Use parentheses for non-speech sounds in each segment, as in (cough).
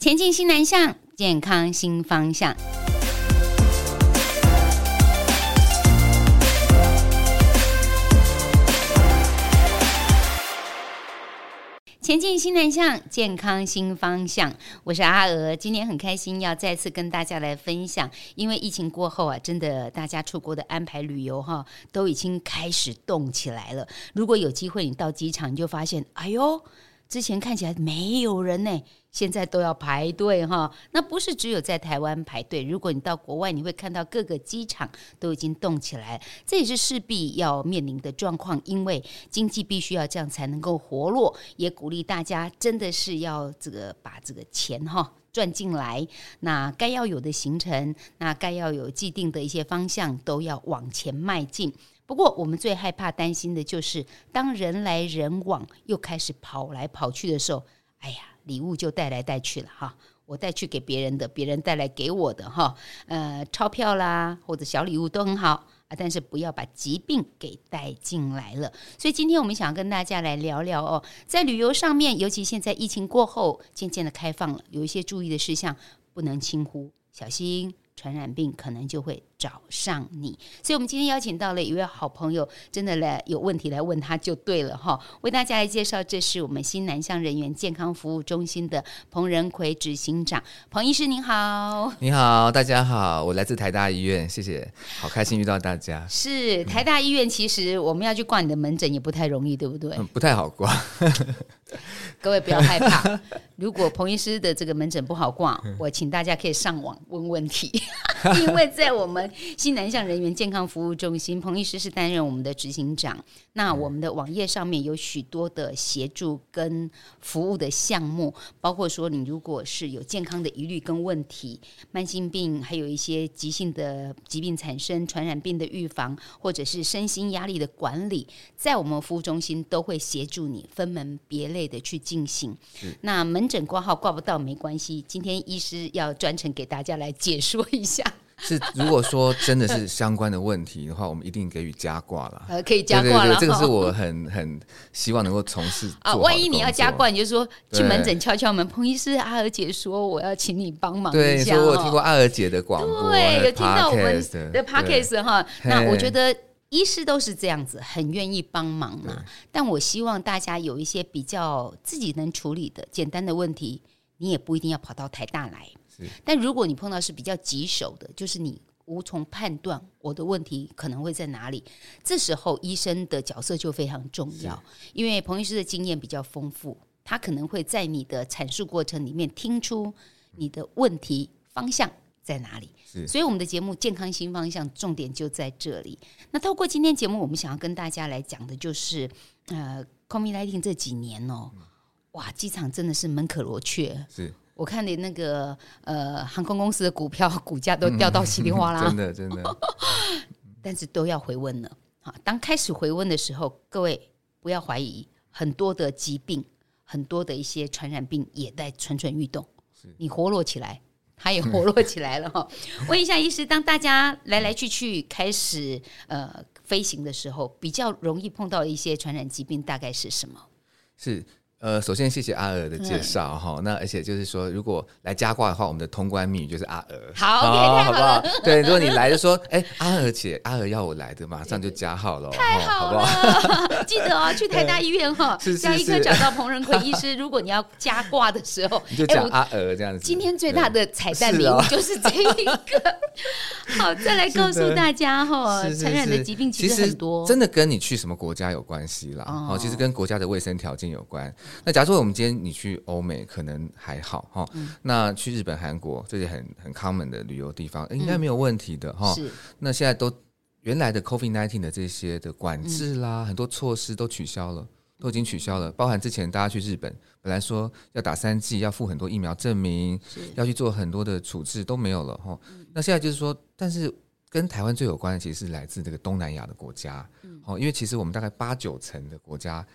前進新南向，健康新方向。前進新南向，健康新方向。我是阿娥，今天很開心，要再次跟大家來分享。因為疫情過後啊，真的大家出國的安排旅遊哈，都已經開始動起來了。如果有機會，你到機場，你就發現，哎呦！之前看起來沒有人呢，現在都要排隊哈。那不是只有在台灣排隊，如果你到國外，你會看到各個機場都已經動起來了，這也是勢必要面臨的狀況，因為經濟必須要這樣才能夠活絡，也鼓勵大家真的是要這個把這個錢哈賺進來。那該要有的行程，那該要有既定的一些方向，都要往前邁進。不過，我們最害怕、擔心的就是，當人來人往又開始跑來跑去的時候，哎呀，禮物就帶來帶去了哈，我帶去給別人的，別人帶來給我的哈，呃，鈔票啦或者小禮物都很好啊，但是不要把疾病給帶進來了。所以，今天我們想要跟大家來聊聊哦，在旅遊上面，尤其現在疫情過後漸漸的開放了，有一些注意的事項不能輕忽，小心傳染病可能就會找上你，所以，我們今天邀請到了一位好朋友，真的來有問題來問他就對了哈。為大家來介紹，這是我們新南向人員健康服務中心的彭仁奎執行長，彭醫師您好，你好，大家好，我來自台大醫院，謝謝，好開心遇到大家。是、嗯、台大醫院，其實我們要去掛你的門診也不太容易，對不對？嗯、不太好掛， (laughs) 各位不要害怕，如果彭醫師的這個門診不好掛，嗯、我請大家可以上網問問題，因為在我們。新南向人員健康服務中心彭醫師是擔任我們的執行長。那我們的網頁上面有許多的協助跟服務的項目，包括說你如果是有健康的疑慮跟問題、慢性病，還有一些急性的疾病產生、傳染病的預防，或者是身心壓力的管理，在我們服務中心都會協助你分門別類的去進行。那門診掛號掛不到沒關係，今天醫師要專程給大家來解說一下。是，如果說真的是相關的問題的話，我們一定給予加掛了。呃，可以加掛了。對對對，這個是我很很希望能夠從事做好啊，萬一你要加掛，你就說去門診敲敲門。彭醫師，阿娥姐說，我要請你幫忙一下。對，所以我聽過阿娥姐的廣播，對，有聽到我們的 podcast 哈。那我覺得醫師都是這樣子，很願意幫忙嘛。但我希望大家有一些比較自己能處理的簡單的問題，你也不一定要跑到台大來。是但如果你碰到是比較棘手的，就是你無從判斷我的問題可能會在哪裡，這時候醫生的角色就非常重要。是因為彭醫師的經驗比較豐富，他可能會在你的闡述過程裡面聽出你的問題方向在哪裡。是所以我們的節目《健康新方向》重點就在這裡。那透過今天節目，我們想要跟大家來講的就是，呃，COVID-19 這幾年哦、喔，嗯、哇，機場真的是門可羅雀。是。我看你那個呃航空公司的股票股價都掉到稀里嘩啦，嗯，真的真的。 (laughs) 但是都要回溫了。啊，當開始回溫的時候，各位不要懷疑，很多的疾病，很多的一些傳染病也在蠢蠢欲動。是你活絡起來，它也活絡起來了。哈， (laughs) 問一下醫師，當大家來來去去開始呃飛行的時候，比較容易碰到一些傳染疾病，大概是什麼？是。呃，首先謝謝阿娥的介紹哈。那而且就是說，如果來加掛的話，我們的通關密語就是阿娥。好，好不好？對，如果你來就說，哎，阿娥姐，阿娥要我來的，馬上就加號了。太好了，記得哦，去台大醫院哈，要立刻找到彭仁奎醫師。如果你要加掛的時候，你就講阿娥這樣子。今天最大的彩蛋，名字就是這一個。好，再來告訴大家哈，傳染的疾病其實很多，真的跟你去什麼國家有關係啦。哦，其實跟國家的衛生條件有關。那假如說我們今天你去歐美可能還好哈，嗯、那去日本、韓國這些很很 common 的旅遊地方，欸，應該沒有問題的哈。那現在都原來的 COVID-19 的這些的管制啦，嗯、很多措施都取消了，都已經取消了，嗯、包含之前大家去日本本來說要打三劑，要付很多疫苗證明，是要去做很多的處置都沒有了哈。嗯、那現在就是說，但是。跟台灣最有關的其實是來自這個東南亞的國家，哦、嗯，因為其實我們大概八九成的國家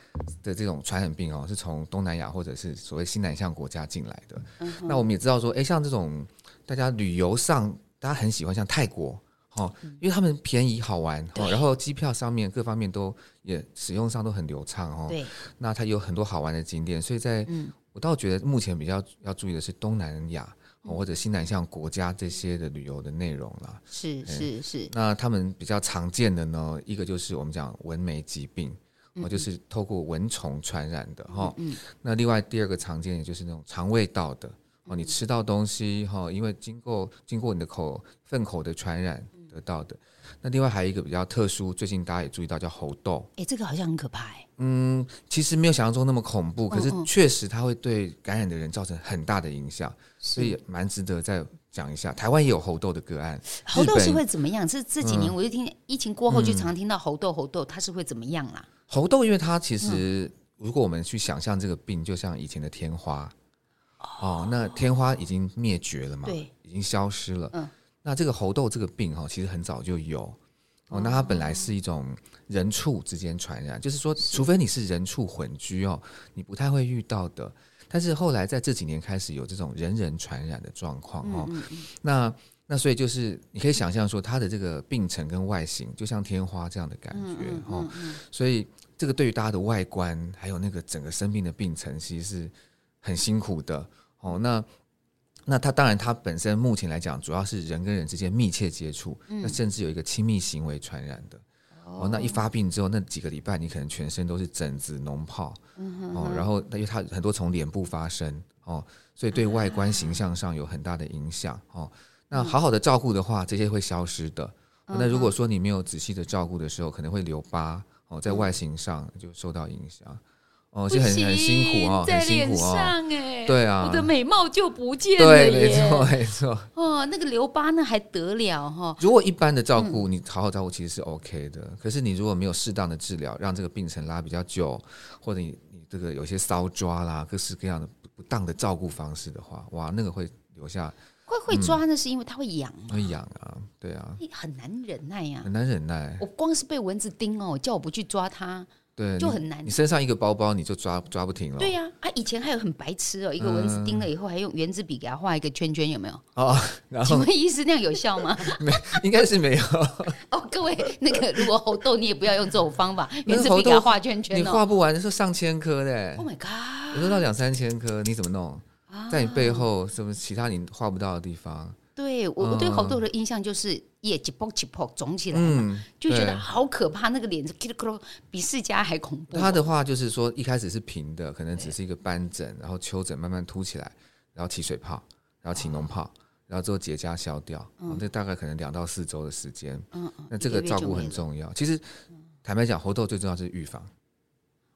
的這種傳染病哦、喔，是從東南亞或者是所謂新南向國家進來的。嗯、哼那我們也知道說，誒、欸，像這種大家旅遊上，大家很喜歡像泰國，哦、喔，嗯、因為他們便宜好玩，對然後機票上面各方面都也使用上都很流暢，哦，對。那它有很多好玩的景點，所以在，嗯、我倒覺得目前比較要注意的是東南亞，或者新南向國家這些的旅遊的內容啦，是是是、嗯。那他們比較常見的呢，一個就是我們講蚊媒疾病，嗯嗯哦，就是透過蚊蟲傳染的哈。哦、嗯，嗯。那另外第二個常見的就是那種腸胃道的哦，你吃到東西哈、哦，因為經過經過你的口糞口的傳染得到的。嗯、那另外還有一個比較特殊，最近大家也注意到叫猴痘。誒、欸，這個好像很可怕誒、欸。嗯，其實沒有想象中那麼恐怖，可是確實它會對感染的人造成很大的影響。嗯嗯嗯所以蠻值得再講一下，台灣也有猴痘的個案。猴痘是會怎麼樣？這這幾年我就聽疫情過後就常聽到猴痘，猴痘它是會怎麼樣啊？猴痘，因為它其實如果我們去想象這個病，就像以前的天花哦，那天花已經滅絕了嘛，對，已經消失了。嗯，那這個猴痘這個病哈，其實很早就有哦。那它本來是一種人畜之間傳染，就是說，除非你是人畜混居哦，你不太會遇到的。但是後來在這幾年開始有這種人人傳染的狀況哦，嗯嗯，那那所以就是你可以想象說他的這個病程、跟外形就像天花這樣的感覺哦，嗯嗯嗯，所以這個對於大家的外觀還有那個整個生病的病程其實是很辛苦的哦。那那他當然他本身目前來講主要是人跟人之間密切接觸，嗯、那甚至有一個親密行為傳染的。哦，oh, 那一發病之後，那幾個禮拜你可能全身都是疹子、膿泡，嗯、哼哼哦，然後因為它很多從臉部發生，哦，所以對外觀形象上有很大的影響，哦，那好好的照顧的話，嗯、這些會消失的、哦。那如果說你沒有仔細的照顧的時候，可能會留疤，哦，在外形上就受到影響。哦，是很很辛苦哦，很辛苦哦，在臉上，哎、欸哦，對啊，我的美貌就不見了，對，沒錯，沒錯。哦，那個留疤那還得了哈、哦？如果一般的照顧，嗯、你好好照顧其實是 OK 的。可是你如果沒有適當的治療，讓這個病程拉比較久，或者你你這個有些搔抓啦，各式各樣的不當的照顧方式的話，哇，那個會留下。會會抓、嗯、那是因為它會癢，會癢啊，對啊，很難忍耐呀、啊，很難忍耐。我光是被蚊子叮哦，叫我不去抓它。對，就很難、啊。你身上一個包包，你就抓抓不停了。對呀、啊，啊，以前還有很白痴哦、喔，一個蚊子叮了以後，嗯、還用原子筆給它畫一個圈圈，有沒有？啊、哦，請問醫師，那樣有效嗎？ (laughs) 沒，應該是沒有。 (laughs) 哦，各位，那個如果猴痘，你也不要用這種方法，原子筆給它畫圈圈、喔、你畫不完，你說上千顆的、欸、，Oh my god，我說到兩三千顆，你怎麼弄？啊、在你背後什麼其他你畫不到的地方？對我，我對猴痘的印象就是，也起包起泡，腫起來嘛就覺得好可怕。那個臉子疙瘩疙瘩，比世家還恐怖。他的話就是說，一開始是平的，可能只是一個斑疹，然後丘疹慢慢凸起來，然後起水泡，然後起膿泡，然後之後結痂消掉。那這大概可能兩到四周的時間。那這個照顧很重要。其實，坦白講，猴痘最重要是預防。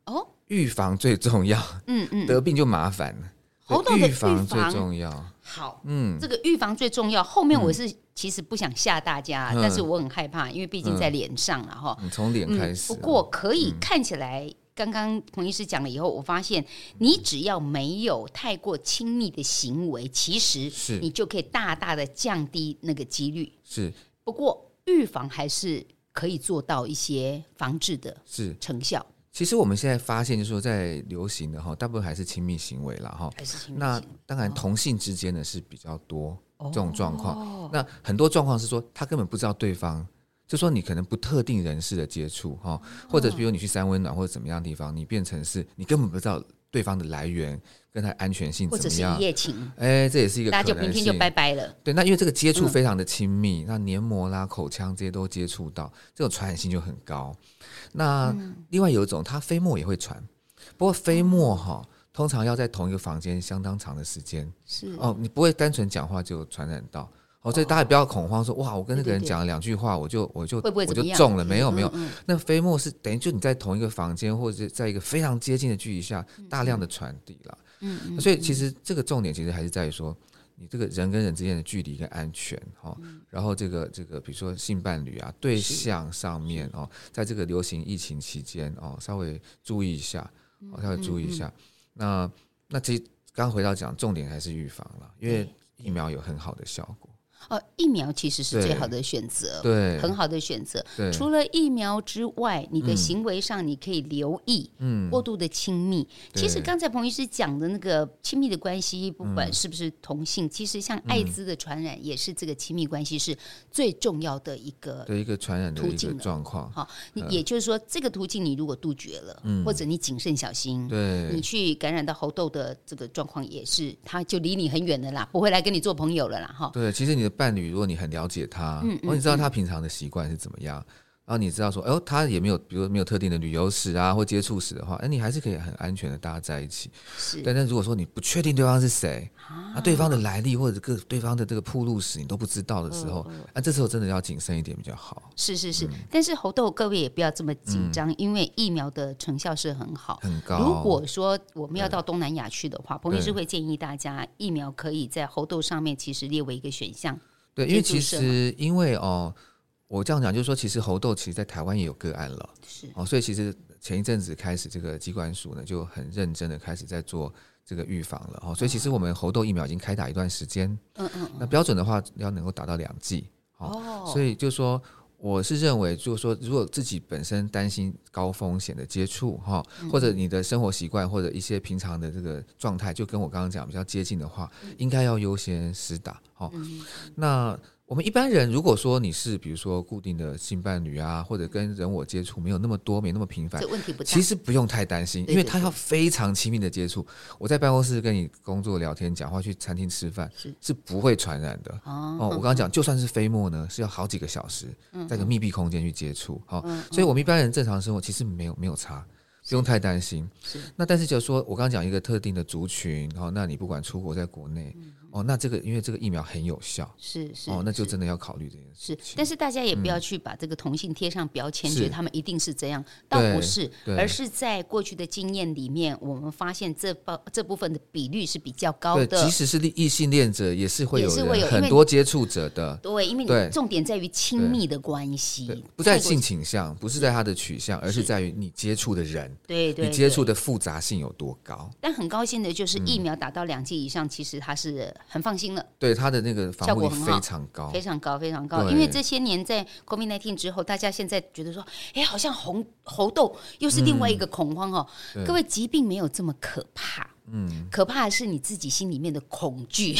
哦，預防最重要。嗯嗯，得病就麻煩了。猴痘的預防最重要。重要好，嗯，這個預防最重要。後面我是其實不想嚇大家，嗯、但是我很害怕，因為畢竟在臉上、啊嗯、臉了哈。你從臉開始、嗯。不過可以看起來，嗯、剛剛彭醫師講了以後，我發現你只要沒有太過親密的行為，嗯、其實是你就可以大大的降低那個幾率。是，不過預防還是可以做到一些防治的成效。其實我們現在發現，就是說，在流行的哈，大部分還是親密行為了哈。那當然，同性之間的是比較多這種狀況。那很多狀況是說，他根本不知道對方，就是說你可能不特定人士的接觸哈，或者比如你去三溫暖或者什麼樣的地方，你變成是你根本不知道對方的來源跟他安全性怎麼樣。或者是一夜情，哎，這也是一個，那就明天就拜拜了。對，那因為這個接觸非常的親密，那黏膜啦、口腔這些都接觸到，這種傳染性就很高。那另外有一種，它飛沫也會傳，不過飛沫哈，通常要在同一個房間相當長的時間，是哦，你不會單純講話就傳染到，所以大家也不要恐慌，說哇，我跟那個人講了兩句話，我就我就我就中了？沒有沒有，那飛沫是等於就你在同一個房間，或者是在一個非常接近的距離下，大量的傳遞了，嗯，所以其實這個重點其實還是在於說你這個人跟人之間的距離跟安全哦，然後這個這個，比如說性伴侶啊對象上面哦，在這個流行疫情期間哦，稍微注意一下哦，稍微注意一下。那那其實剛回到講，重點還是預防了，因為疫苗有很好的效果。哦，疫苗其實是最好的選擇，對，很好的選擇。對除了疫苗之外，你的行為上你可以留意，嗯，過度的親密。對其實剛才彭醫師講的那個親密的關係，不管是不是同性，嗯、其實像艾滋的傳染也是這個親密關係是最重要的一個的對，一個傳染途徑的狀況。哈，也就是說，這個途徑你如果杜絕了，嗯、或者你謹慎小心，對，你去感染到猴痘的這個狀況也是，他就離你很遠了啦，不會來跟你做朋友了啦，哈。對，其實你的。伴侶，如果你很了解他，或你知道他平常的習慣是怎麼樣，然後你知道說，哦，他也沒有，比如說沒有特定的旅遊史啊，或接觸史的話，哎，你還是可以很安全的大家在一起。是，但但如果說你不確定對方是誰，啊，對方的來歷或者各對方的這個暴露史你都不知道的時候，那這時候真的要謹慎一點比較好。是是是，但是猴痘，各位也不要這麼緊張，因為疫苗的成效是很好，很高。如果說我們要到東南亞去的話，彭醫師會建議大家疫苗可以在猴痘上面其實列為一個選項。對，因為其實因為哦，我這樣講就是說，其實猴痘其實，在台灣也有個案了，是哦，所以其實前一陣子開始，這個疾管署呢就很認真的開始在做這個預防了哦，所以其實我們猴痘疫苗已經開打一段時間，嗯，嗯嗯，那標準的話要能夠打到兩劑哦，哦所以就說。我是認為，就是說，如果自己本身擔心高風險的接觸，哈，或者你的生活習慣，或者一些平常的這個狀態，就跟我剛剛講比較接近的話，應該要優先施打，哈。那。我們一般人，如果說你是比如說固定的性伴侶啊，或者跟人我接觸沒有那麼多，沒那麼頻繁，這問題不大，其實不用太擔心，因為他要非常親密的接觸。我在辦公室跟你工作、聊天、講話，去餐廳吃飯是不會傳染的哦。我剛剛講，就算是飛沫呢，是要好幾個小時在個密閉空間去接觸，好，所以我們一般人正常生活其實沒有沒有差，不用太擔心。那但是就是說我剛剛講一個特定的族群，好，那你不管出國在國內。哦，那這個因為這個疫苗很有效，是是，哦，那就真的要考慮這件事。但是大家也不要去把這個同性貼上標籤，覺得他們一定是這樣，倒不是，而是在過去的經驗裡面，我們發現這包這部分的比率是比較高的。即使是異異性戀者，也是會有，也是會有很多接觸者的。對，因為你重點在於親密的關係，不在性傾向，不是在他的取向，而是在於你接觸的人，對對，你接觸的複雜性有多高。但很高興的就是疫苗打到兩劑以上，其實它是。很放心了對，對，它的那個效果很非常高，非常高，非常高。對因為這些年在 COVID-19 之後，大家現在覺得說，哎，好像猴猴痘又是另外一個恐慌哦。嗯、各位，對疾病沒有這麼可怕，嗯，可怕的是你自己心裡面的恐懼。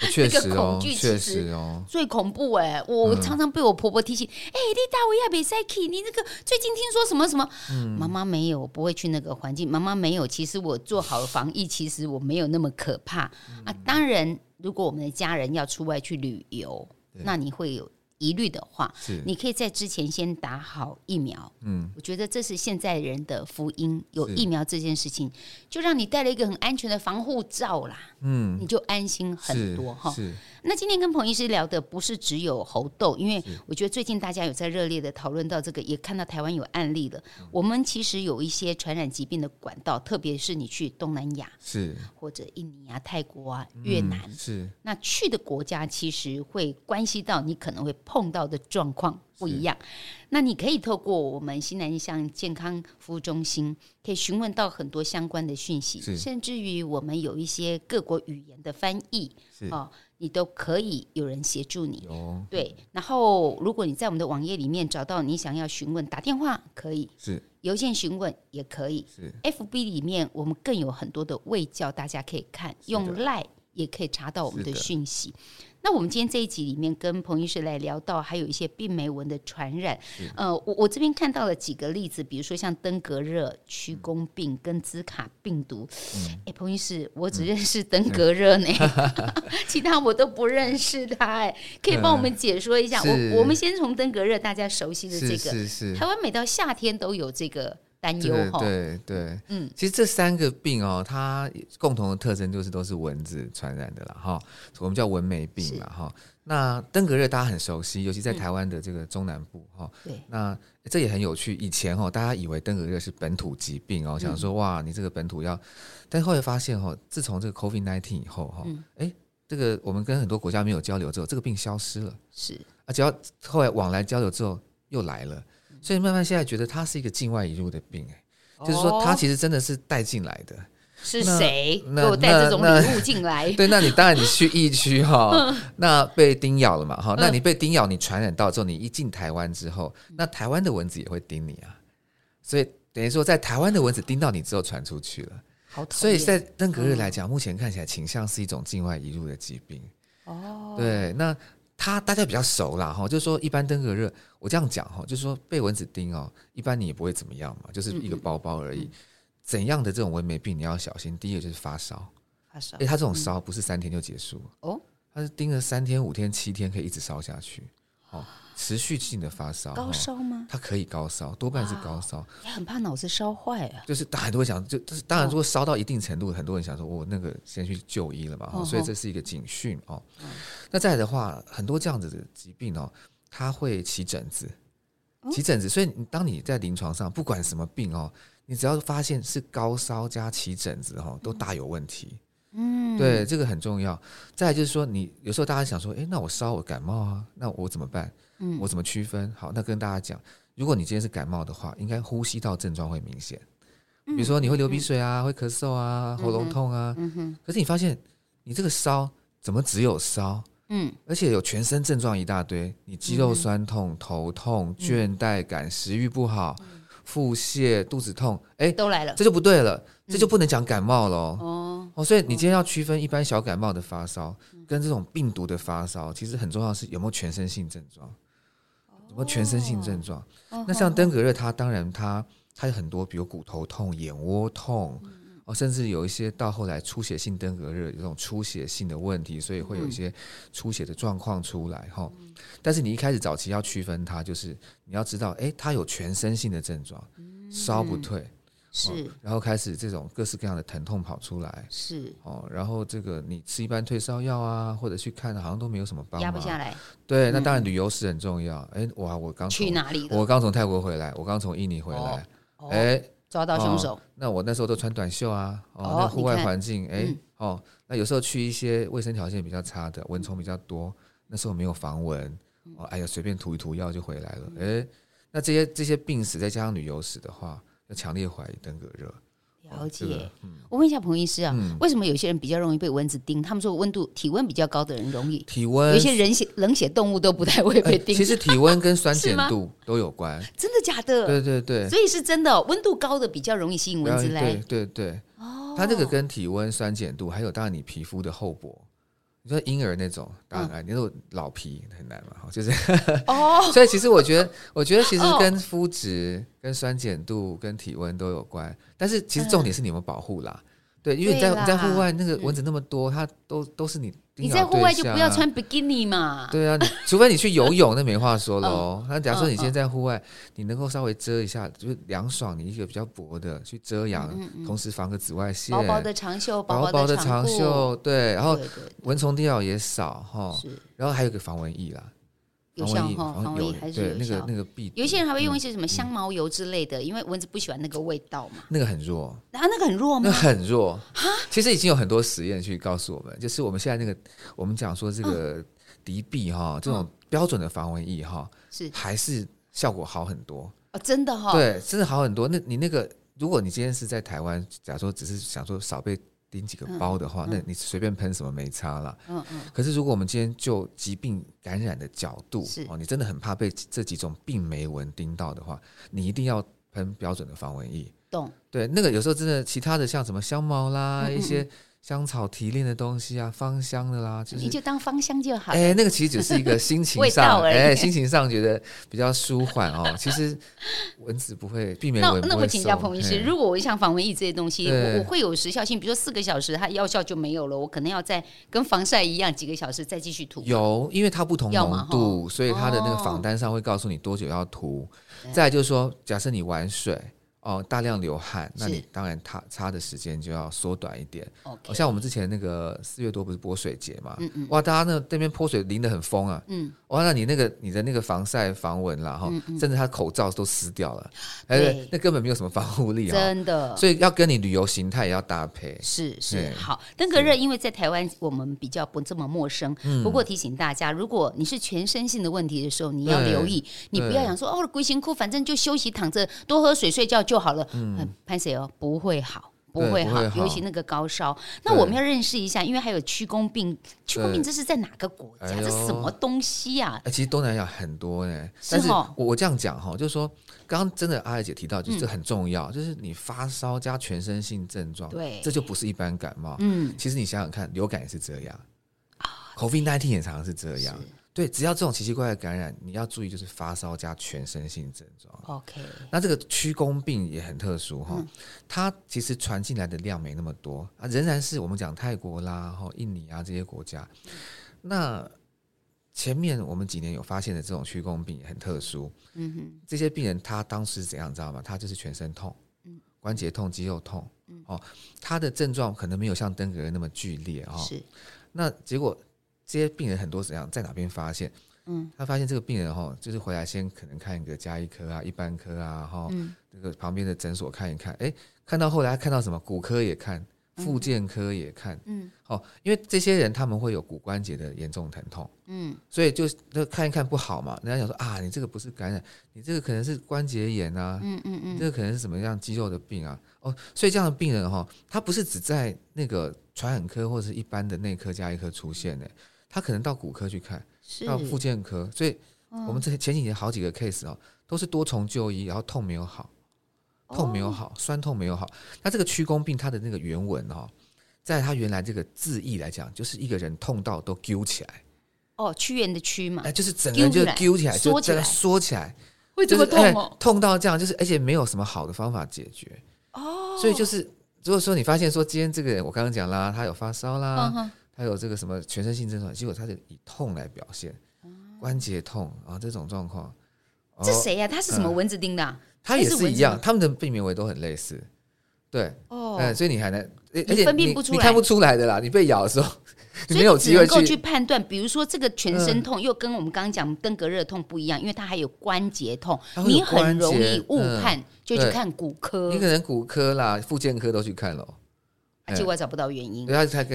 確實哦、那個恐懼其實哦，最恐怖哎、欸！哦、我常常被我婆婆提醒，哎、嗯，利大維亞貝賽克，你那個最近聽說什麼什麼？嗯、媽媽沒有，我不會去那個環境。媽媽沒有，其實我做好了防疫， (laughs) 其實我沒有那麼可怕、嗯、啊。當然，如果我們的家人要出外去旅遊，嗯、那你會有。疑慮的話，是你可以在之前先打好疫苗。嗯，我覺得這是現在人的福音，有疫苗這件事情，是就讓你帶了一個很安全的防護罩啦。嗯，你就安心很多哈。是吼那今天跟彭醫師聊的不是只有猴痘，因為我覺得最近大家有在熱烈的討論到這個，也看到台灣有案例了。Okay. 我們其實有一些傳染疾病的管道，特別是你去東南亞，是或者印尼啊、泰國啊、越南，嗯、是那去的國家其實會關係到你可能會碰到的狀況不一樣。是那你可以透過我們新南向健康服務中心，可以詢問到很多相關的訊息，是甚至於我們有一些各國語言的翻譯，是哦。你都可以有人協助你，有對。對然後，如果你在我們的網頁裡面找到你想要詢問，打電話可以，是郵件詢問也可以是，F B 裡面我們更有很多的衛教，大家可以看的用賴。也可以查到我們的訊息。是的 那我們今天這一集裡面跟彭醫師來聊到，還有一些病媒蚊的傳染。是的 呃，我我這邊看到了幾個例子，比如說像登革熱、屈公病跟茲卡病毒。哎、嗯欸，彭醫師，我只認識登革熱呢，嗯、 (laughs) 其他我都不認識它。哎，可以幫我們解說一下？嗯、我我們先從登革熱大家熟悉的這個，是是，是，台灣每到夏天都有這個。擔憂哈，單對對、對，嗯，其實這三個病哦，它共同的特徵就是都是蚊子傳染的了哈，我們叫蚊媒病嘛哈是。那登革熱大家很熟悉，尤其在台灣的這個中南部哈。對、嗯。那、欸、這也很有趣，以前哈大家以為登革熱是本土疾病哦，想說、嗯、哇，你這個本土要，但後來發現哈，自從這個 COVID-19 以後哈，哎、嗯欸，這個我們跟很多國家沒有交流之後，這個病消失了。是。啊，只要後來往來交流之後，又來了。所以慢慢現在覺得它是一個境外移入的病，誒，就是說它其實真的是帶進來的。是誰給我帶這種禮物進來？對，那你當然你去疫區哈、 (laughs) 哦，那被叮咬了嘛哈，呃、那你被叮咬，你傳染到之後，你一進台灣之後，那台灣的蚊子也會叮你啊。所以等於說，在台灣的蚊子叮到你之後，傳出去了。好，所以在登革熱來講，目前看起來傾向是一種境外移入的疾病。哦，對，那。他大家比較熟啦哈，就是說一般登革熱，我這樣講哈，就是說被蚊子叮哦，一般你也不會怎麼樣嘛，就是一個包包而已。嗯嗯、怎樣的這種蚊媒病你要小心，第一個就是發燒，發燒，哎，他這種燒不是三天就結束哦，他、嗯、是叮了三天、五天、七天可以一直燒下去。哦，持續性的發燒，高燒嗎、哦？它可以高燒，多半是高燒。也很怕腦子燒壞啊！就是大家都會想，就就是當然，如果燒到一定程度，哦、很多人想說，我、哦、那個先去就醫了嘛。哦、所以這是一個警訊哦。哦，那再來的話，很多這樣子的疾病哦，它會起疹子，起疹子。所以你當你在臨床上，不管什麼病哦，你只要發現是高燒加起疹子，哈，都大有問題。嗯對，這個很重要。再來就是說你，你有時候大家想說，誒、欸，那我燒，我感冒啊，那我怎麼辦？嗯、我怎麼區分？好，那跟大家講，如果你今天是感冒的話，應該呼吸道症狀會明顯，比如說你會流鼻水啊，嗯嗯、會咳嗽啊，喉嚨痛啊。嗯嗯嗯嗯、可是你發現，你這個燒怎麼只有燒？嗯，而且有全身症狀一大堆，你肌肉酸痛、頭痛、倦怠感、食欲不好。腹瀉、肚子痛，哎，都來了，這就不對了，嗯、這就不能講感冒了。哦，哦，所以你今天要區分一般小感冒的發燒，哦、跟這種病毒的發燒，其實很重要是有沒有全身性症狀。哦、有沒有全身性症狀？哦、那像登革熱，它當然它它有很多，比如骨頭痛、眼窩痛。嗯甚至有一些到後來出血性登革熱，有這種出血性的問題，所以會有一些出血的狀況出來哈、嗯。但是你一開始早期要區分它，就是你要知道，哎、欸，它有全身性的症狀，燒、嗯、不退，嗯、是、哦，然後開始這種各式各樣的疼痛跑出來，是哦。然後這個你吃一般退燒藥啊，或者去看，好像都沒有什麼辦法，壓不下來。對，嗯、那當然旅遊是很重要。哎、欸，我剛去哪裡？我剛從泰國回來，我剛從印尼回來。哎、哦。哦欸抓到兇手，哦。那我那時候都穿短袖啊，哦哦，那戶外環境，哎，哦，那有時候去一些衛生條件比較差的，蚊蟲比較多，那時候沒有防蚊，哦，哎呀，隨便塗一塗藥就回來了。誒、嗯欸，那這些這些病史，再加上旅遊史的話，要強烈懷疑登革熱。而且，我問一下彭醫師啊，嗯、為什麼有些人比較容易被蚊子叮？他們說，溫度體溫比較高的人容易。體溫有些人血冷血動物都不太會被叮。欸、其實體溫跟酸鹼度都有關。真的假的？對對對，所以是真的。哦，溫度高的比較容易吸引蚊子來。對對對，它，哦、這個跟體溫酸鹼度，還有當然你皮膚的厚薄。說嬰兒那種當然，嗯、你那種老皮很難嘛，哈，就是哦呵呵，所以其實我覺得，我覺得其實跟膚質、哦、跟酸鹼度、跟體溫都有關，但是其實重點是你們保護啦，嗯、對，因為你在啦你在戶外那個蚊子那麼多，它都都是你。你在戶外就不要穿比基尼嘛。對啊，除非你去游泳，那沒話說嘍。那假如說你現在在戶外，你能夠稍微遮一下，就涼爽，你一個比較薄的去遮陽，同時防個紫外線。薄薄的長袖，薄薄的長袖，對，然後蚊蟲叮咬也少哈。然後還有個防蚊衣防蚊液啦。有防蚊還是那個那個避。有一些人還會用一些什麼香茅油之類的，因為蚊子不喜歡那個味道嘛。那個很弱，那那個很弱嗎？那很弱哈，其實已經有很多實驗去告訴我們，就是我們現在那個我們講說這個敵避哈，這種標準的防蚊液哈，是還是效果好很多啊！真的哈，對，真的好很多。那你那個，如果你今天是在台灣，假如說只是想說少被。叮幾個包的話，嗯嗯、那你隨便噴什麼沒差啦、嗯。嗯嗯。可是如果我們今天就疾病感染的角度，是哦，你真的很怕被這幾種病媒蚊叮到的話，你一定要噴標準的防蚊液。懂動。對，那個有時候真的，其他的像什麼香茅啦，嗯嗯一些。香草提煉的東西啊，芳香的啦，就是你就當芳香就好。哎、欸，那個其實只是一個心情上，哎 (laughs) 而、欸，心情上覺得比較舒緩哦、喔。 (laughs) 其實蚊子不會避免蚊子。那那個、我請教彭醫師，欸、如果我像防蚊液這些東西對我，我會有時效性，比如說四個小時，它藥效就沒有了，我可能要再跟防曬一樣幾個小時再繼續塗。有，因為它不同濃度，所以它的那個仿單上會告訴你多久要塗。哦、再來就是說，假設你玩水。哦，大量流汗，那你當然擦擦的時間就要縮短一點。哦，像我們之前那個四月多不是潑水節嘛，哇，大家那那邊潑水淋得很瘋啊，嗯，哇，那你那個你的那個防曬防蚊啦，哈，甚至他口罩都濕掉了，哎，那根本沒有什麼防護力啊，真的。所以要跟你旅遊形態也要搭配，是是好。登革熱因為在台灣我們比較不這麼陌生，不過提醒大家，如果你是全身性的問題的時候，你要留意，你不要想說哦，規身軀，反正就休息躺着，多喝水睡覺，就好了，潘 Sir 不會好，不會好，尤其那個高燒。那我們要認識一下，因為還有屈公病，屈公病這是在哪個國家？這什麼東西呀？其實東南亞很多呢，但是我這樣講哈，就是說，剛剛真的阿愛姐提到，就是很重要，就是你發燒加全身性症狀，對，這就不是一般感冒。嗯，其實你想想看，流感也是這樣，COVID-19 也常常是這樣。對，只要這種奇奇怪怪的感染，你要注意就是發燒加全身性症狀。OK，那這個屈公病也很特殊哈，嗯、它其實傳進來的量沒那麼多啊，仍然是我們講泰國啦、印尼啊這些國家。是那前面我們幾年有發現的這種屈公病也很特殊，嗯哼，這些病人他當時是怎樣知道嗎？他就是全身痛，嗯、關節痛、肌肉痛，嗯、哦，他的症狀可能沒有像登革熱那麼劇烈是、哦、那結果。這些病人很多怎樣在哪邊發現？嗯，他發現這個病人哈，就是回來先可能看一個家醫科啊、一般科啊，哈，這個旁邊的診所看一看，哎、嗯，看到後來他看到什麼骨科也看，復健科也看，嗯，哦，因為這些人他們會有骨關節的嚴重疼痛，嗯，所以就那看一看不好嘛，人家想說啊，你這個不是感染，你這個可能是關節炎啊，嗯嗯嗯，嗯嗯這個可能是什麼樣肌肉的病啊，哦，所以這樣的病人哈，他不是只在那個傳染科或者是一般的內科家醫科出現的、欸。他可能到骨科去看，是到復健科，所以我們這前幾年好幾個 case 哦，嗯、都是多重就醫，然後痛沒有好，哦、痛沒有好，酸痛沒有好。那這個屈公病，它的那個原文哦，在他原來這個字義來講，就是一個人痛到都揪起來。哦，屈原的屈嘛。哎、呃，就是整個人就揪起來，就在那縮起來。為什麼痛、哦就是呃、痛到這樣，就是而且沒有什麼好的方法解決。哦。所以就是，如果說你發現說今天這個我剛剛講啦，他有發燒啦。嗯還有這個什麼全身性症狀，結果他就以痛來表現，關節痛啊這種狀況，這誰呀？他是什麼蚊子叮的？他也是一樣，他們的病名為都很類似，對，嗯，所以你還能，而且你你看不出來的啦，你被咬的時候，你沒有機會去判斷。比如說這個全身痛，又跟我們剛剛講登革熱痛不一樣，因為它還有關節痛，你很容易誤判，就去看骨科。你可能骨科啦、復健科都去看了。其實我找不到原因，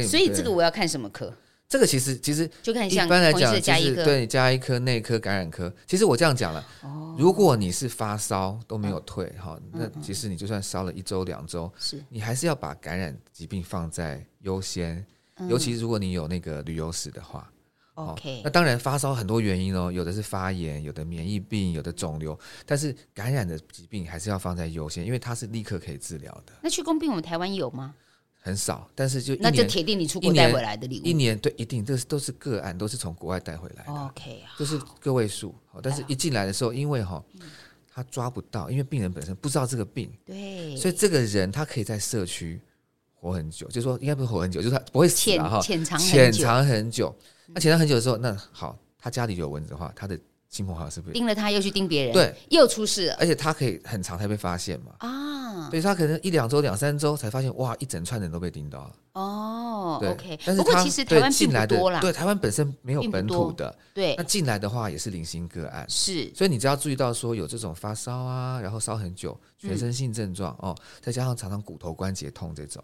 所以這個我要看什麼科？這個其實其實就看一般來講是對，家醫科、內科、感染科。其實我這樣講了，如果你是發燒都沒有退哈，那其實你就算燒了一週兩週，你還是要把感染疾病放在優先。尤其如果你有那個旅遊史的話，OK。那當然發燒很多原因哦，有的是發炎，有的免疫病，有的腫瘤。但是感染的疾病還是要放在優先，因為它是立刻可以治療的。那屈公病我們台灣有嗎？很少，但是就那這鐵定你出國帶回來的禮物一年，一年對，一定這是都是個案，都是從國外帶回來的。OK，就是個位數。好，但是一進來的時候，因為哈，他抓不到，因為病人本身不知道這個病，對，所以這個人他可以在社區活很久，就是說應該不是活很久，就是他不會死啊，潛潛藏潛藏很久。那潛藏很久的時候，那好，他家裡有蚊子的話，他的。親朋好友是不是盯了他，又去盯別人？對，又出事了。而且他可以很長才被發現嘛？啊，對他可能一兩週、兩三週才發現。哇，一整串人都被盯到了。哦，OK。但是，不過其實台灣進來的，對台灣本身沒有本土的。對，那進來的話也是零星個案。是，所以你只要注意到說有這種發燒啊，然後燒很久，全身性症狀哦，再加上常常骨頭關節痛這種，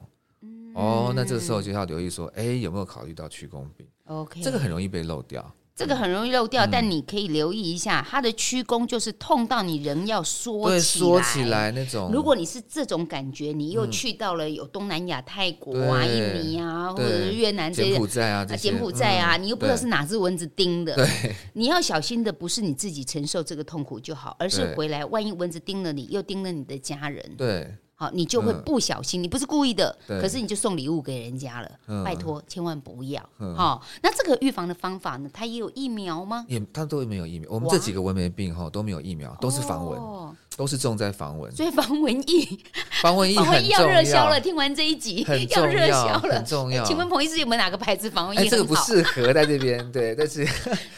哦，那這時候就要留意說，哎，有沒有考慮到屈公病？OK，這個很容易被漏掉。嗯、這個很容易漏掉，嗯、但你可以留意一下，它的曲弓就是痛到你人要縮起，起來那種。如果你是這種感覺，你又去到了有東南亞、泰國啊、印尼、嗯、啊，對或者是越南、這個、柬啊這些啊、柬埔寨啊，你又不知道是哪隻蚊子叮的，對你要小心的不是你自己承受這個痛苦就好，而是回來萬一蚊子叮了你，又叮了你的家人，對。對好，你就會不小心，嗯、你不是故意的，對可是你就送禮物給人家了。嗯、拜託，千萬不要。好、嗯哦，那這個預防的方法呢？它也有疫苗嗎？也，它都沒有疫苗。哇我們這幾個蚊媒病哈都沒有疫苗，都是防蚊。哦都是重在防蚊，所以防蚊衣，防蚊衣要熱銷了。聽完這一集要熱銷了，很重要。請問彭醫師有沒有哪個牌子防蚊衣？這個不適合在這邊，對，但是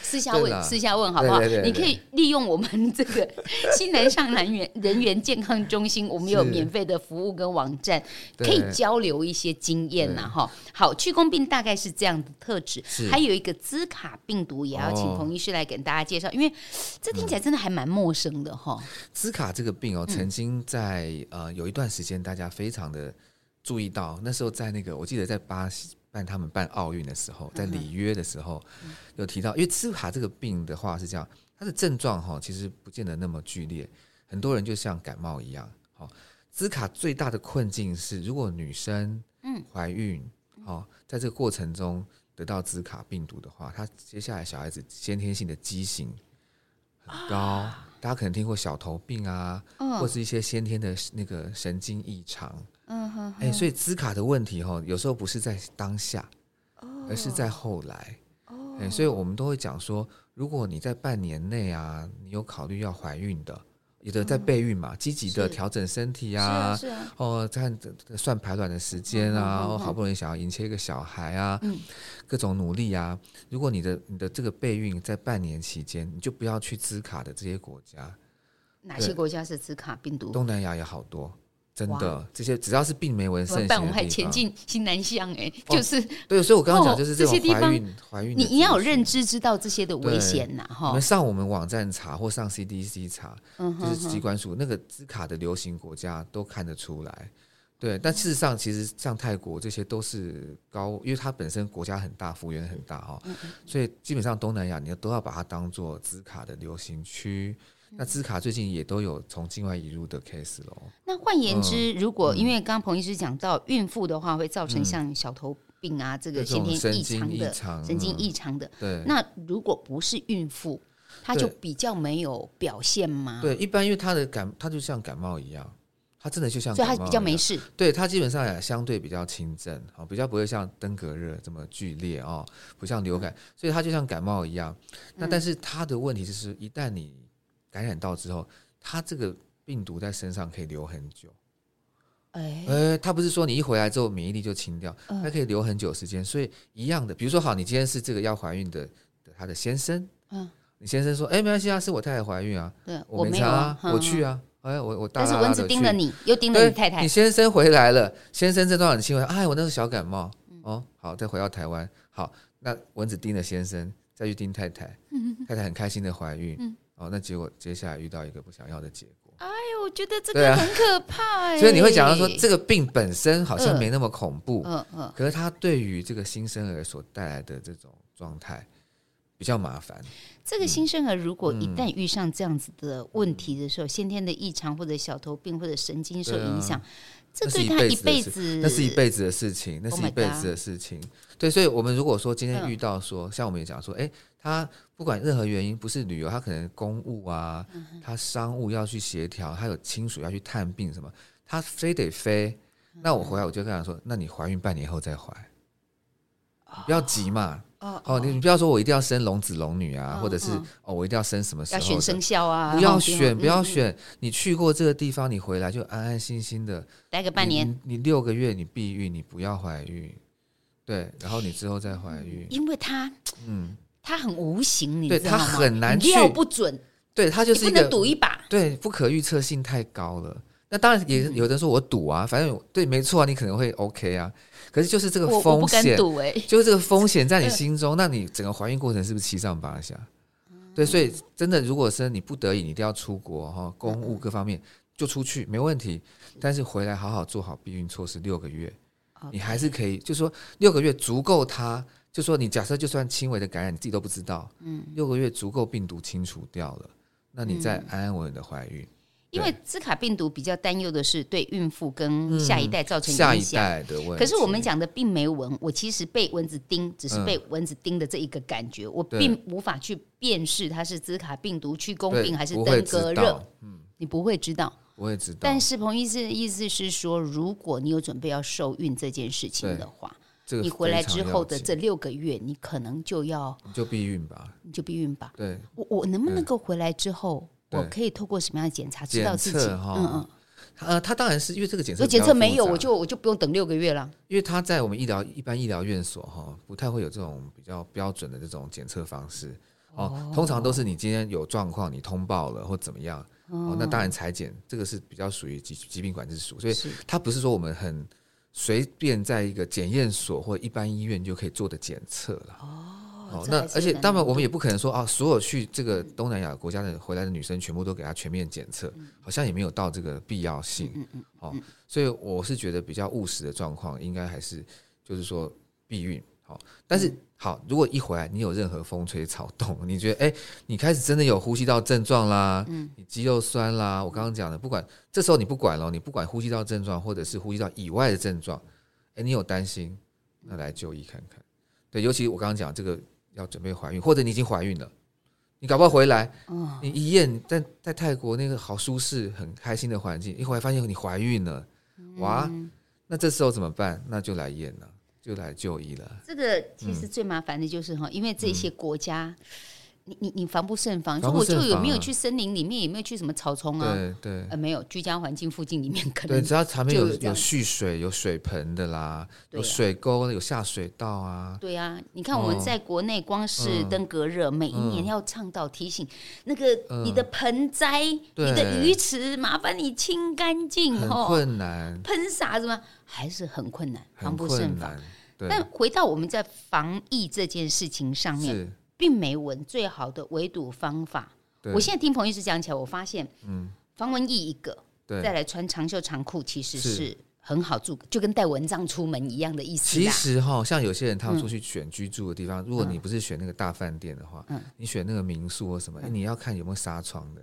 私下問，私下問好不好？你可以利用我們這個新南向南園人員健康中心，我們有免費的服務跟網站，可以交流一些經驗吶，哈。好，屈公病大概是這樣的特質，還有一個茲卡病毒也要請彭醫師來給大家介紹，因為這聽起來真的還蠻陌生的哈。茲卡把這個病哦，曾經在呃有一段時間，大家非常的注意到。那時候在那個，我記得在巴西辦他們辦奧運的時候，在裡約的時候，嗯、哼有提到，因為茲卡這個病的話是這樣，它的症狀哈、哦、其實不見得那麼劇烈，很多人就像感冒一樣。好、哦，茲卡最大的困境是，如果女生嗯懷孕嗯哦，在這個過程中得到茲卡病毒的話，它接下來小孩子先天性的畸形很高。啊大家可能聽過小頭病啊，oh. 或是一些先天的那個神經異常，嗯哼、uh，哎、huh huh. 欸，所以茲卡的問題哈、哦，有時候不是在當下，哦，oh. 而是在後來，哦、oh. 欸，所以我們都會講說，如果你在半年內啊，你有考慮要懷孕的。你的在備孕嘛，積極的調整身體啊，是是啊是啊哦，看算排卵的時間啊，嗯嗯嗯嗯、哦，好不容易想要迎接一個小孩啊，嗯、各種努力啊。如果你的你的這個備孕在半年期間，你就不要去茲卡的這些國家，哪些國家是茲卡病毒？東南亞有好多。真的，哇這些只要是病媒蚊盛行的地方，我們還前進新南向哎、欸，哇就是對，所以我剛剛講，就是這種懷孕，你你要有認知，知道這些的危險吶哈。對們上我們網站查，或上 CDC 查，嗯、哼哼就是疾管署那個茲卡的流行國家都看得出來。對，但事實上其實像泰國這些都是高，因為它本身國家很大，幅員很大哈，對所以基本上東南亞你要都要把它當做茲卡的流行區。那茲卡最近也都有從境外移入的 case 嘍。那換言之，嗯、如果因為剛剛彭醫師講到孕婦的話，會造成像小頭病啊，嗯、這個先天異常的神經異常的。對。那如果不是孕婦，她就比較沒有表現嗎？對，對，一般因為她的感，她就像感冒一樣，她真的就像所以她比較沒事。對，她基本上也相對比較輕症啊，比較不會像登革熱這麼劇烈啊，不像流感，嗯、所以她就像感冒一樣。那但是她的問題就是，一旦你感染到之後，他這個病毒在身上可以留很久。哎、欸，呃、欸，他不是說你一回來之後免疫力就清掉，它、呃、可以留很久的時間。所以一樣的，比如說好，你今天是這個要懷孕的的他的先生，嗯、你先生說，哎、欸、沒關係啊，是我太太懷孕啊，對我沒差、啊，我，沒嗯、我去啊，哎、欸、我我大大大大大大，但是蚊子叮了你，又叮了你對太太。你先生回來了，先生症狀很輕微，哎我那是小感冒哦，好再回到台灣，好那蚊子叮了先生，再去叮太太，嗯、太太很開心的懷孕。嗯嗯哦，那結果接下來遇到一個不想要的結果。哎呦，我覺得這個很可怕哎、對啊。所以你會講到說，這個病本身好像沒那麼恐怖，嗯嗯嗯、可是它對於這個新生兒所帶來的這種狀態比較麻煩。這個新生兒如果一旦遇上這樣子的問題的時候，先天的異常或者小頭病或者神經受影響，這對他一輩子，那是一輩子的事情，那是一輩子的事情。對，所以我們如果說今天遇到說，像我們也講說，誒，他不管任何原因，不是旅遊，他可能公務啊，他商務要去協調，他有親屬要去探病什麼，他非得飛，那我回來我就跟他說，那你懷孕半年後再懷，不要急嘛。哦，你你不要說我一定要生龍子龍女啊，或者是哦，我一定要生什麼時候？要選生肖啊！不要選，不要選。你去過這個地方，你回來就安安心心的待個半年。你六個月你避孕，你不要懷孕，對，然後你之後再懷孕。因為他，嗯，他很無形，你對他很難料不準，對，他就是不能賭一把，對，不可預測性太高了。那當然也有的人說，我賭啊，反正對，沒錯啊，你可能會 OK 啊。可是就是這個風險，就是這個風險在你心中，那你整個懷孕過程是不是七上八下？對，所以真的，如果說你不得已，你一定要出國哈，公務各方面就出去沒問題。但是回來好好做好避孕措施六個月，你還是可以，就是說六個月足夠它，就是說你假設就算輕微的感染，你自己都不知道，嗯，六個月足夠病毒清除掉了，那你再安安穩穩的懷孕。因為茲卡病毒比較擔憂的是對孕婦跟下一代造成影響，嗯。的問題，可是我們講的病媒蚊，我其實被蚊子叮，只是被蚊子叮的這一個感覺，嗯、我並無法去辨識它是茲卡病毒屈公病、還是登革熱。不嗯、你不會知道。知道。但是彭醫師的意思是說，如果你有準備要受孕這件事情的話，這個，你回來之後的這六個月，你可能就要就避孕吧，你就避孕吧。我，我能不能夠回來之後？我可以透過什麼樣的檢查對知道自己？哈，哦、嗯嗯，呃，他當然是因為這個檢測，檢測沒有，我就我就不用等六個月了。因為他在我們醫療一般醫療院所哈、哦，不太會有這種比較標準的這種檢測方式哦。哦，通常都是你今天有狀況，你通報了或怎麼樣，哦，哦，那當然採檢，這個是比較屬於疾疾病管制署，所以是它不是說我們很隨便在一個檢驗所或一般醫院就可以做的檢測了哦。哦，那而且當然，我們也不可能說啊，所有去這個東南亞國家的回來的女生，全部都給她全面檢測，好像也沒有到這個必要性。嗯嗯。哦，所以我是覺得比較務實的狀況，應該還是就是說避孕。好、哦，但是好，如果一回來你有任何風吹草動，你覺得哎、欸，你開始真的有呼吸道症狀啦，嗯，你肌肉酸啦，我剛剛講的，不管這時候你不管了，你不管呼吸道症狀或者是呼吸道以外的症狀，哎、欸，你有擔心，那來就醫看看。對，尤其我剛剛講這個。要準備懷孕，或者你已經懷孕了，你搞不好回來，哦、你一驗，在在泰國那個好舒適、很開心的環境，一回來發現你懷孕了，哇，嗯、那這時候怎麼辦？那就來驗了，就來就醫了。這個其實最麻煩的就是、嗯、因為這些國家。你你你防不勝防，如果就有沒有去森林裡面，有沒有去什麼草叢啊？對，呃，沒有，居家環境附近裡面可能。對，只要有有蓄水、有水盆的啦，有水溝、有下水道啊。對啊，你看我們在國內光是登革熱，每一年要倡導提醒，那個你的盆栽、你的魚池，麻煩你清乾淨。很困難，噴灑什麼還是很困難，防不勝防。但回到我們在防疫這件事情上面。並沒蚊最好的圍堵方法。我現在聽彭醫師講起來，我發現，嗯，防蚊液一個，再來穿長袖長褲，其實是很好做，就跟帶蚊帳出門一樣的意思。其實哈，像有些人他們出去選居住的地方，如果你不是選那個大飯店的話，嗯，你選那個民宿或什麼，你要看有沒有紗窗的。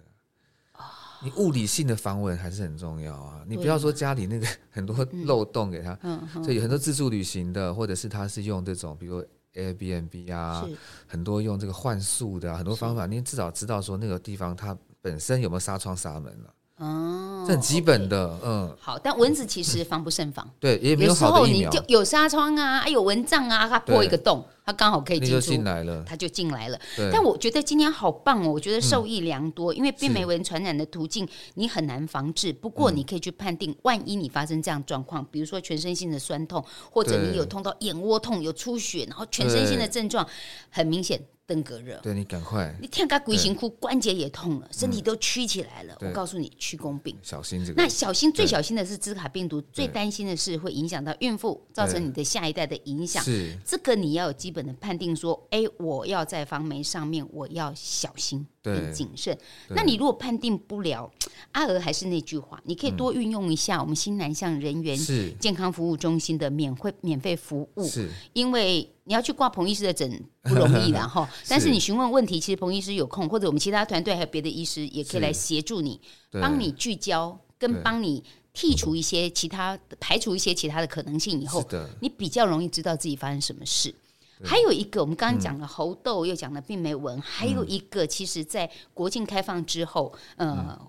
你物理性的防蚊還是很重要啊。你不要說家裡那個很多漏洞給他，嗯，所以有很多自助旅行的或者是他是用這種，比如說。Airbnb 啊，是很多用這個換宿的、啊、很多方法，是你至少知道說那個地方它本身有沒有紗窗紗門了、啊。嗯這很基本的，哦 okay、嗯，好，但蚊子其實防不勝防、嗯，對，也沒有，有時候你就有紗窗啊，有蚊帳啊，它破一個洞，對它剛好可以進，出進來了，它就進來了。對但我覺得今天好棒哦，我覺得受益良多，嗯、因為病媒蚊傳染的途徑你很難防治，不過你可以去判定，萬一你發生這樣的狀況，比如說全身性的酸痛，或者你有痛到眼窩痛有出血，然後全身性的症狀對很明顯。登革熱，對你趕快，你天干鬼行。哭對關節也痛了，身體都曲起來了。嗯、我告訴你，屈公對病，小心這個。那小心對最小心的是茲卡病毒，最擔心的是會影響到孕婦，對造成你的下一代的影響。對是這個你要有基本的判定，說，哎、欸，我要在防媒上面，我要小心。很謹慎。對那你如果判定不了，阿娥，還是那句話，你可以多運用一下我們新南向人員健康服務中心的免費免費服務。是因為你要去掛彭醫師的診不容易的哈。 (laughs) 但是你詢問問題，其實彭醫師有空，或者我們其他團隊還有別的醫師也可以來協助你，幫你聚焦跟幫你剔除一些其他排除一些其他的可能性以後，的你比較容易知道自己發生什麼事。還有一個，我們剛剛講了猴痘，嗯、又講了病媒蚊，還有一個，其實在國境開放之後，嗯、呃，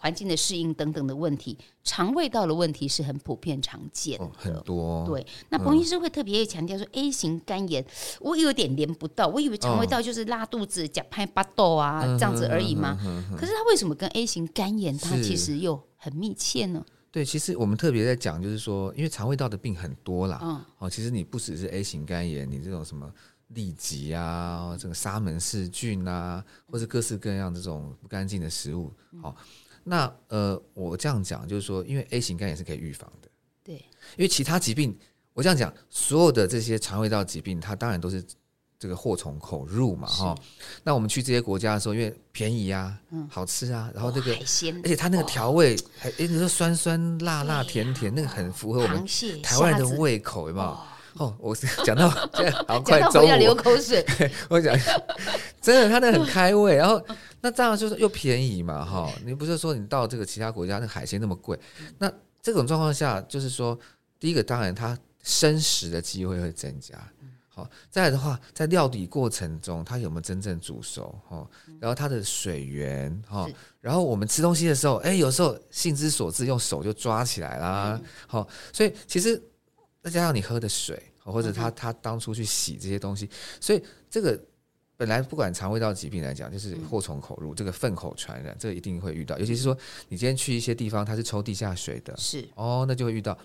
環境的適應等等的問題，腸胃道的問題是很普遍常見的、哦、很多、哦。對，嗯、那彭醫生會特別強調說，A 型肝炎，我有點連不到，我以為腸胃道就是拉肚子、甲拍巴豆啊、嗯、這樣子而已嘛。嗯嗯嗯嗯嗯、可是他為什麼跟 A 型肝炎，是他其實又很密切呢？對，其實我們特別在講，就是說，因為腸胃道的病很多啦，哦、嗯，其實你不只是 A 型肝炎，你這種什麼痢疾啊，這個沙門氏菌啊，或者各式各樣這種不乾淨的食物，好、嗯，那呃，我這樣講，就是說，因為 A 型肝炎是可以預防的，對，因為其他疾病，我這樣講，所有的這些腸胃道疾病，它當然都是。這個禍從口入嘛，哈。那我們去這些國家的時候，因為便宜啊，好吃啊，然後那個海鮮，而且它那個調味還哎，你說酸酸辣辣甜甜，那個很符合我們台灣人的胃口，有沒有？哦，我是講到講到中午要流口水，我講真的，它那很開胃。然後那這樣就是又便宜嘛，哈。你不是說你到這個其他國家，那海鮮那麼貴？那這種狀況下，就是說第一個，當然它生食的機會會增加。好、哦，再來的話，在料理過程中，它有沒有真正煮熟？哈、哦，然後它的水源，哈、哦，是然後我們吃東西的時候，哎，有時候興之所至，用手就抓起來啦，哈、嗯哦，所以其實再加上你喝的水，或者他他當初去洗這些東西，嗯、所以這個本來不管腸胃道疾病來講，就是禍從口入，嗯、這個糞口傳染，這個、一定會遇到，尤其是說你今天去一些地方，它是抽地下水的，是哦，那就會遇到。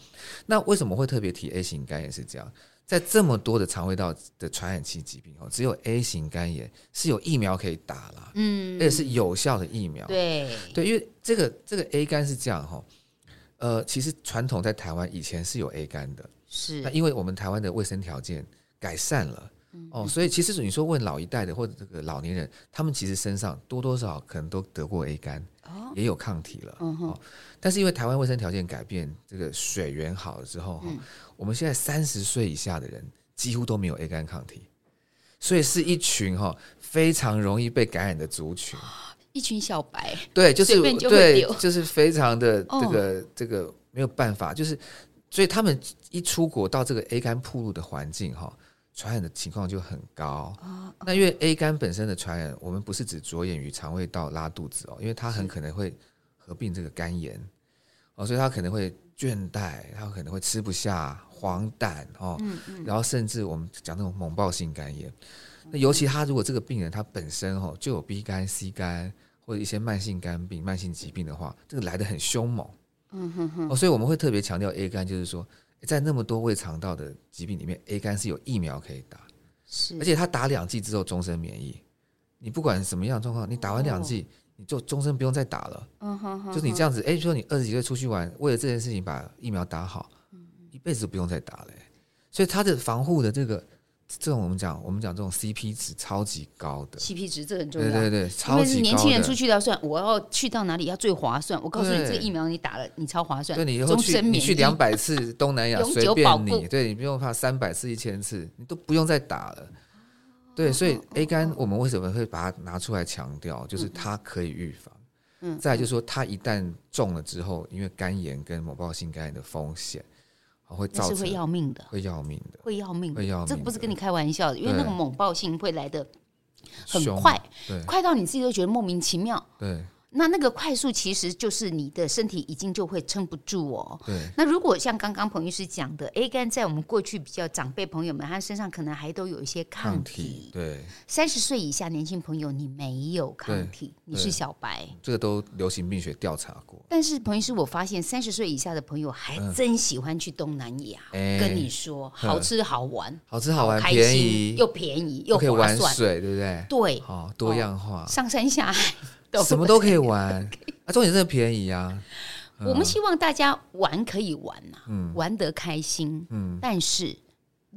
那為什麼會特別提 A 型肝炎是這樣？在這麼多的腸胃道的傳染性疾病哦，只有 A 型肝炎是有疫苗可以打了，嗯，而且是有效的疫苗。對對，因為這個這個 A 肝是這樣哈，呃，其實傳統在台灣以前是有 A 肝的，是那因為我們台灣的衛生條件改善了，是，哦，所以其實你說問老一代的或者這個老年人，他們其實身上多多少少可能都得過 A 肝，哦，也有抗體了，嗯哼，哦，但是因為台灣衛生條件改變，這個水源好了之後哈。嗯我們現在三十歲以下的人幾乎都沒有 A 肝抗體，所以是一群哈非常容易被感染的族群，一群小白。對，就是就對，就是非常的這個、oh. 這個沒有辦法，就是所以他們一出國到這個 A 肝暴露的環境哈，傳染的情況就很高、oh. 那因為 A 肝本身的傳染，我們不是只着眼於腸胃道拉肚子哦，因為它很可能會合併這個肝炎哦，所以它可能會。倦怠，他可能會吃不下黃，黃疸哦，嗯、然後甚至我們講那種猛爆性肝炎，嗯、那尤其他如果這個病人他本身哦就有 B 肝、C 肝或者一些慢性肝病、慢性疾病的話，這個來得很凶猛，嗯哼哼，嗯嗯、所以我們會特別強調 A 肝，就是說在那麼多胃腸道的疾病裡面，A 肝是有疫苗可以打，是，而且他打兩劑之後終身免疫，你不管什麼樣的狀況，你打完兩劑。哦你就終身不用再打了，嗯哼，就是你這樣子，哎、欸，比如說你二十幾歲出去玩，為了這件事情把疫苗打好，一輩子不用再打了、欸。所以它的防護的這個，這種我們講，我們講這種 CP 值超級高的。CP 值這很重要。對對對，超級高。但是年輕人出去都要算，我要去到哪裡要最划算。我告訴你，這個疫苗你打了，你超划算。對，你以後去終身你去兩百次東南亞隨便你，對你不用怕，三百次一千次，你都不用再打了。對，所以 A 肝我們為什麼會把它拿出來強調？嗯、就是它可以預防。嗯，再來就是說，它一旦中了之後，嗯、因為肝炎跟猛暴性肝炎的風險，會造成會要命的，會要命的，會要命的，這個不是跟你開玩笑的，對對因為那個猛暴性會來得很快，對快到你自己都覺得莫名其妙。對。那那個快速其實就是你的身體已經就會撐不住哦。對。那如果像剛剛彭醫師講的，A 肝在我們過去比較長輩朋友們，他身上可能還都有一些抗體。對。三十歲以下年輕朋友，你沒有抗體，你是小白。這個都流行病學調查過。但是彭醫師，我發現三十歲以下的朋友還真喜歡去東南亞。跟你說，好吃好玩，好吃好玩，便宜又便宜又可以玩水，對不對？對。哦，多樣化，上山下海。什麼都可以玩， (laughs) Okay 啊，重點是便宜啊！嗯、我們希望大家玩可以玩吶、啊，嗯、玩得開心。嗯，但是。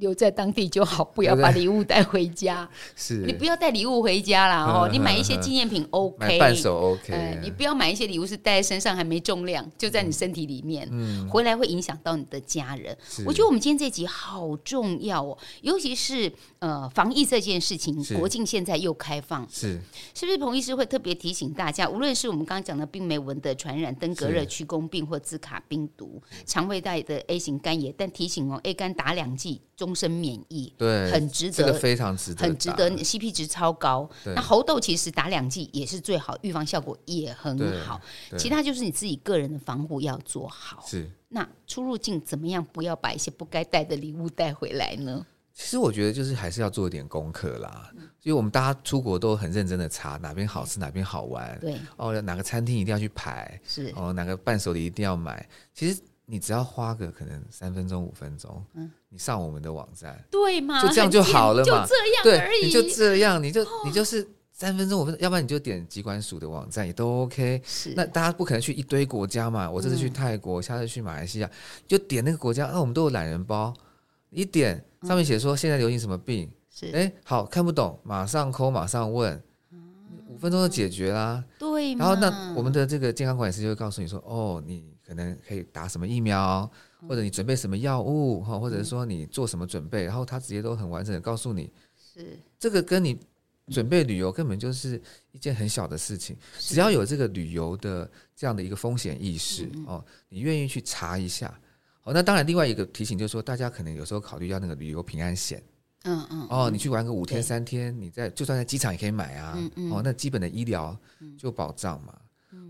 留在當地就好，不要把禮物帶回家。對對，是你不要帶禮物回家了哦、喔。呵呵呵，你買一些紀念品，OK。伴手 OK、啊呃。你不要買一些禮物，是帶在身上還沒重量，就在你身體裡面，嗯、回來會影響到你的家人。是我覺得我們今天這集好重要哦、喔，尤其是呃防疫這件事情。是國境現在又開放，是，是不是？彭醫師會特別提醒大家，無論是我們剛剛講的病媒蚊的傳染、登革熱、屈公病或茲卡病毒、腸是胃道的 A 型肝炎，但提醒哦、喔、，A 肝打兩劑終身免疫，對，很值得，這個，非常值得，很值得。CP 值超高。對那猴痘其實打兩劑也是最好，預防效果也很好。其他就是你自己個人的防護要做好。是。那出入境怎麼樣？不要把一些不該帶的禮物帶回來呢？其實我覺得就是還是要做一點功課啦。因為，嗯、我們大家出國都很認真的查哪邊好吃，哪邊好玩。對。哦，哪個餐廳一定要去排？是。哦，哪個伴手禮一定要買？其實。你只要花個可能三分鐘五分鐘，嗯、你上我們的網站，對嗎？就這樣就好了嗎對你就這樣，你就你就是三分鐘五分鐘，哦、要不然你就點疾管署的網站也都 OK。是，那大家不可能去一堆國家嘛，我這次去泰國，嗯、下次去馬來西亞，就點那個國家，那、啊、我們都有懶人包，一點上面寫說現在流行什麼病，嗯、是，哎、欸，好看不懂，馬上扣，馬上問，五、嗯、分鐘就解決啦。嗯、對嗎，然後那我們的這個健康管理師就會告訴你說，哦，你。可能可以打什麼疫苗，或者你準備什麼藥物，或者是說你做什麼準備，然後他直接都很完整的告訴你，是。這個跟你準備旅遊根本就是一件很小的事情，只要有這個旅遊的這樣的一個風險意識哦，你願意去查一下，哦，那當然另外一個提醒就是說，大家可能有時候考慮要那個旅遊平安險，嗯嗯，哦，你去玩個五天三天，你在就算在機場也可以買啊，哦，那基本的醫療就保障嘛。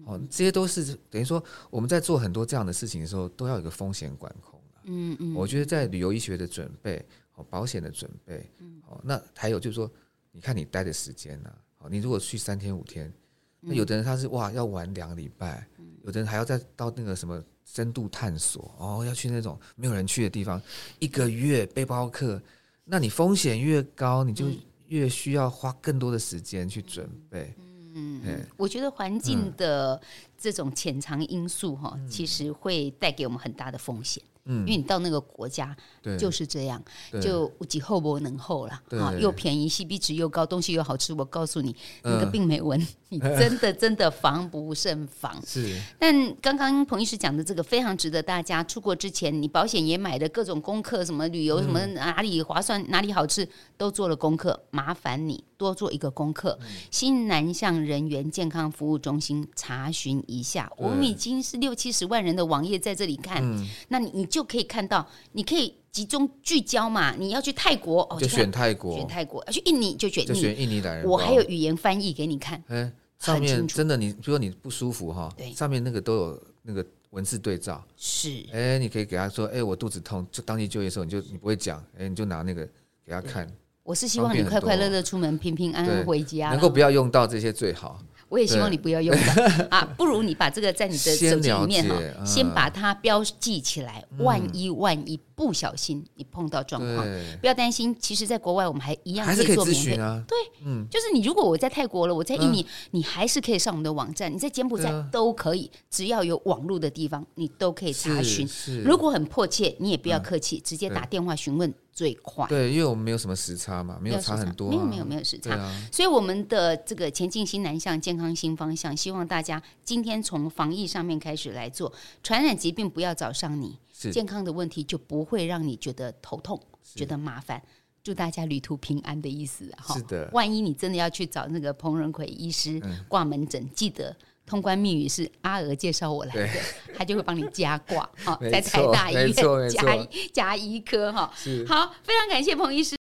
哦，這些都是等於說我們在做很多這樣的事情的時候，都要有一個風險管控嗯嗯，嗯我覺得在旅遊醫學的準備、保險的準備，好、嗯、那還有就是說，你看你待的時間呢、啊，你如果去三天五天，那有的人他是哇要玩兩禮拜，有的人還要再到那個什麼深度探索，哦，要去那種沒有人去的地方，一個月背包客，那你風險越高，你就越需要花更多的時間去準備。嗯嗯嗯嗯嗯，yeah, 我覺得環境的這種潛藏因素哈，嗯、其實會帶給我們很大的風險。嗯，因為你到那個國家，對，就是這樣，對就有一好沒兩好了啊，又便宜 CP 值又高，東西又好吃。我告訴你，那個病媒蚊、呃、你真的真的防不勝防。 (laughs) 是，但剛剛彭醫師講的這個非常值得大家出國之前，你保險也買的各種功課，什麼旅遊，嗯、什麼哪裡划算，哪裡好吃，都做了功課，麻煩你。多做一個功課，新南向人員健康服務中心查詢一下。我們已經是六七十萬人的網頁在這裡看，那你你就可以看到，你可以集中聚焦嘛。你要去泰國哦，就選泰國，選泰國，要去印尼就選印尼，印尼人。我還有語言翻譯給你看。哎，上面真的，你比如說你不舒服哈，上面那個都有那個文字對照。是，哎，你可以給他說，哎，我肚子痛，就當地就業的時候，你就你不會講，哎，你就拿那個給他看。我是希望你快快樂樂出門，平平安安回家。能夠不要用到這些最好。我也希望你不要用到對 啊， (laughs) 不如你把這個在你的手機裡面哈，先，先把它標記起來，嗯、萬一萬一。不小心你碰到狀況，不要擔心。其實，在國外我們還一樣可以做諮詢啊。對，嗯，就是你如果我在泰國了，我在印尼，你還是可以上我們的網站，你在柬埔寨都可以，只要有網絡的地方，你都可以查詢。如果很迫切，你也不要客氣，直接打電話詢問最快。對，因為我們沒有什麼時差嘛，沒有差很多，沒有沒有沒有時差。所以我們的這個前進新南向、健康新方向，希望大家今天從防疫上面開始來做，傳染疾病不要找上你。是健康的問題就不會讓你覺得頭痛、是覺得麻煩。祝大家旅途平安的意思哈。是的，萬一你真的要去找那個彭仁奎醫師掛門診，嗯、記得通關密語是阿娥介紹我來的，對他就會幫你加掛。哈、 (laughs) 哦，在台大醫院加加醫科哈。哦、是。好，非常感謝彭醫師。